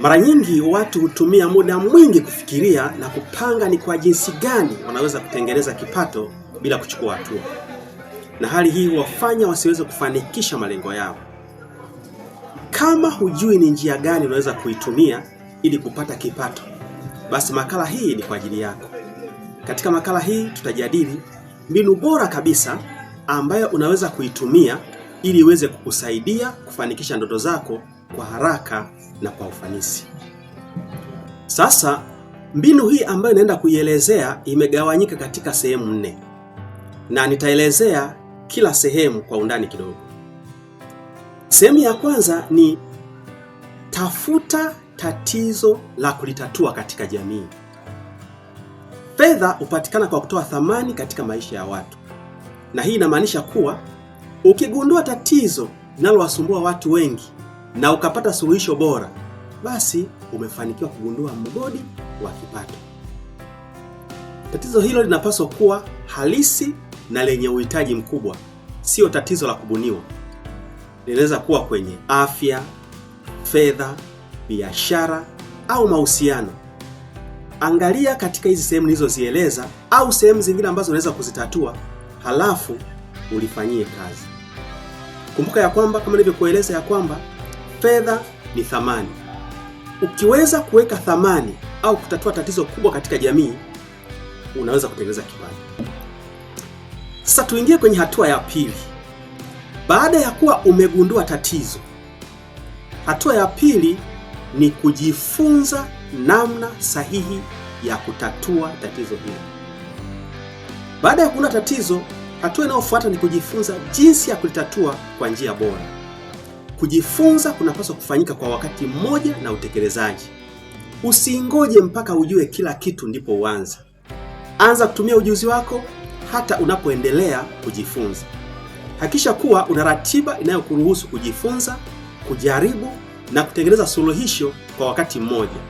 Mara nyingi watu hutumia muda mwingi kufikiria na kupanga ni kwa jinsi gani wanaweza kutengeneza kipato bila kuchukua hatua, na hali hii huwafanya wasiweze kufanikisha malengo yao. Kama hujui ni njia gani unaweza kuitumia ili kupata kipato, basi makala hii ni kwa ajili yako. Katika makala hii tutajadili mbinu bora kabisa ambayo unaweza kuitumia ili iweze kukusaidia kufanikisha ndoto zako kwa haraka na kwa ufanisi. Sasa mbinu hii ambayo inaenda kuielezea imegawanyika katika sehemu nne na nitaelezea kila sehemu kwa undani kidogo. Sehemu ya kwanza ni tafuta tatizo la kulitatua katika jamii. Fedha hupatikana kwa kutoa thamani katika maisha ya watu, na hii inamaanisha kuwa ukigundua tatizo linalowasumbua watu wengi na ukapata suluhisho bora, basi umefanikiwa kugundua mgodi wa kipato. Tatizo hilo linapaswa kuwa halisi na lenye uhitaji mkubwa, sio tatizo la kubuniwa. Linaweza kuwa kwenye afya, fedha, biashara au mahusiano. Angalia katika hizi sehemu nilizozieleza au sehemu zingine ambazo unaweza kuzitatua, halafu ulifanyie kazi. Kumbuka ya kwamba kama nilivyokueleza ya kwamba fedha ni thamani. Ukiweza kuweka thamani au kutatua tatizo kubwa katika jamii, unaweza kutengeneza kipaji. Sasa tuingie kwenye hatua ya pili. Baada ya kuwa umegundua tatizo, hatua ya pili ni kujifunza namna sahihi ya kutatua tatizo hilo. Baada ya kuona tatizo, hatua inayofuata ni kujifunza jinsi ya kulitatua kwa njia bora. Kujifunza kunapaswa kufanyika kwa wakati mmoja na utekelezaji. Usingoje mpaka ujue kila kitu ndipo uanze. Anza kutumia ujuzi wako hata unapoendelea kujifunza. Hakisha kuwa una ratiba inayokuruhusu kujifunza, kujaribu na kutengeneza suluhisho kwa wakati mmoja.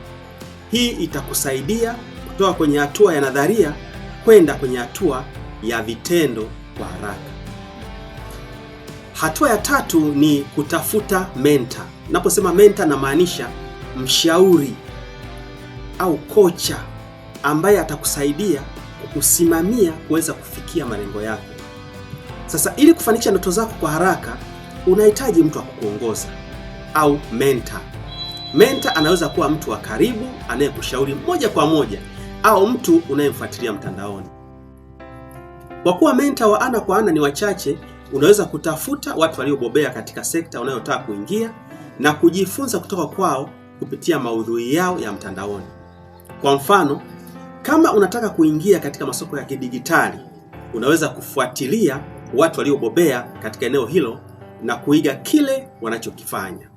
Hii itakusaidia kutoka kwenye hatua ya nadharia kwenda kwenye hatua ya vitendo kwa haraka. Hatua ya tatu ni kutafuta mentor. Naposema mentor, namaanisha mshauri au kocha ambaye atakusaidia kukusimamia kuweza kufikia malengo yako. Sasa ili kufanikisha ndoto zako kwa haraka, unahitaji mtu wa kukuongoza au mentor. Mentor anaweza kuwa mtu wa karibu anayekushauri moja kwa moja au mtu unayemfuatilia mtandaoni. Kwa kuwa mentor wa ana kwa ana ni wachache, unaweza kutafuta watu waliobobea katika sekta unayotaka kuingia na kujifunza kutoka kwao kupitia maudhui yao ya mtandaoni. Kwa mfano, kama unataka kuingia katika masoko ya kidijitali, unaweza kufuatilia watu waliobobea katika eneo hilo na kuiga kile wanachokifanya.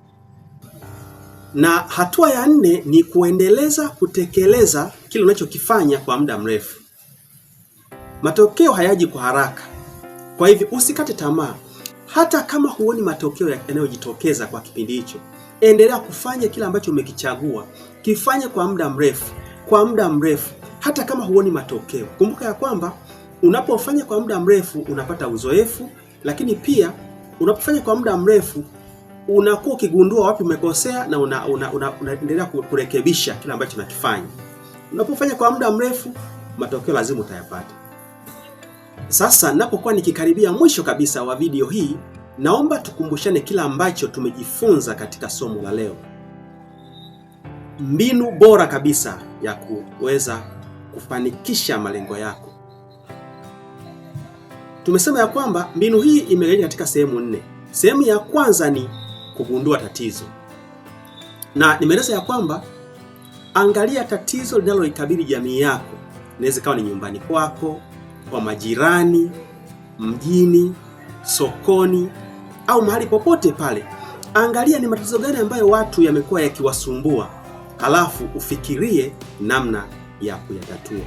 Na hatua ya nne ni kuendeleza kutekeleza kile unachokifanya kwa muda mrefu. Matokeo hayaji kwa haraka, kwa hivyo usikate tamaa, hata kama huoni matokeo yanayojitokeza kwa kipindi hicho, endelea kufanya kile ambacho umekichagua, kifanye kwa muda mrefu, kwa muda mrefu, hata kama huoni matokeo. Kumbuka ya kwamba unapofanya kwa muda mrefu unapata uzoefu, lakini pia unapofanya kwa muda mrefu unakuwa ukigundua wapi umekosea na unaendelea una, una, una kurekebisha kile ambacho unakifanya. Unapofanya kwa muda mrefu, matokeo lazima utayapata. Sasa napokuwa nikikaribia mwisho kabisa wa video hii, naomba tukumbushane kila ambacho tumejifunza katika somo la leo. Mbinu bora kabisa ya kuweza kufanikisha malengo yako. Tumesema ya kwamba mbinu hii imegawanyika katika sehemu nne. Sehemu ya kwanza ni kugundua tatizo, na nimeeleza ya kwamba angalia tatizo linaloikabili jamii yako. Inaweza ikawa ni nyumbani kwako kwa majirani, mjini, sokoni au mahali popote pale. Angalia ni matatizo gani ambayo watu yamekuwa yakiwasumbua, halafu ufikirie namna ya kuyatatua.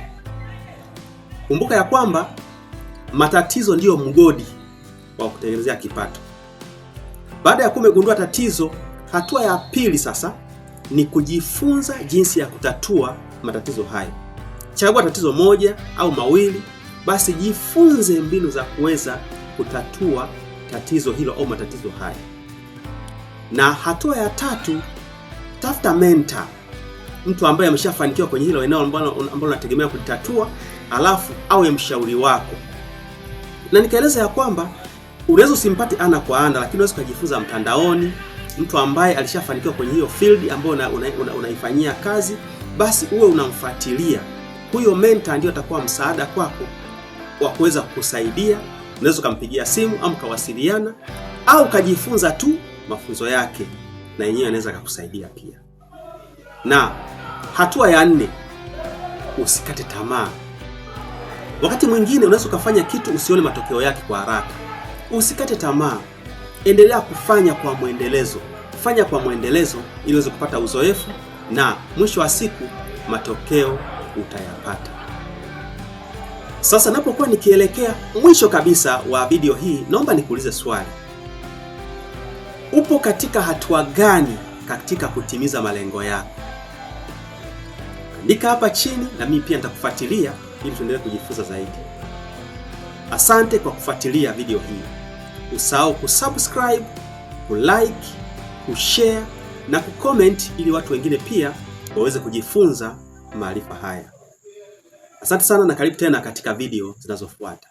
Kumbuka ya kwamba matatizo ndiyo mgodi wa kutengenezea kipato. Baada ya kumegundua tatizo, hatua ya pili sasa ni kujifunza jinsi ya kutatua matatizo hayo. Chagua tatizo moja au mawili basi jifunze mbinu za kuweza kutatua tatizo hilo au matatizo haya. Na hatua ya tatu, tafuta mentor, mtu ambaye ameshafanikiwa kwenye hilo eneo ambalo unategemea kulitatua, alafu awe mshauri wako. Na nikaeleza ya kwamba unaweza usimpate ana kwa ana, lakini unaweza ukajifunza mtandaoni, mtu ambaye alishafanikiwa kwenye hiyo field ambayo unaifanyia una, una kazi, basi uwe unamfuatilia huyo mentor, ndio atakuwa msaada kwako wa kuweza kukusaidia. Unaweza ukampigia simu au mkawasiliana au ukajifunza tu mafunzo yake, na yenyewe anaweza akakusaidia pia. Na hatua ya nne, usikate tamaa. Wakati mwingine unaweza ukafanya kitu usione matokeo yake kwa haraka. Usikate tamaa, endelea kufanya kwa mwendelezo, fanya kwa mwendelezo ili uweze kupata uzoefu, na mwisho wa siku matokeo utayapata. Sasa napokuwa nikielekea mwisho kabisa wa video hii, naomba nikuulize swali. Upo katika hatua gani katika kutimiza malengo yako? Andika hapa chini na mimi pia nitakufuatilia ili tuendelee kujifunza zaidi. Asante kwa kufuatilia video hii. Usahau kusubscribe, kulike, kushare na kucomment ili watu wengine pia waweze kujifunza maarifa haya. Asante sana na karibu tena katika video zinazofuata.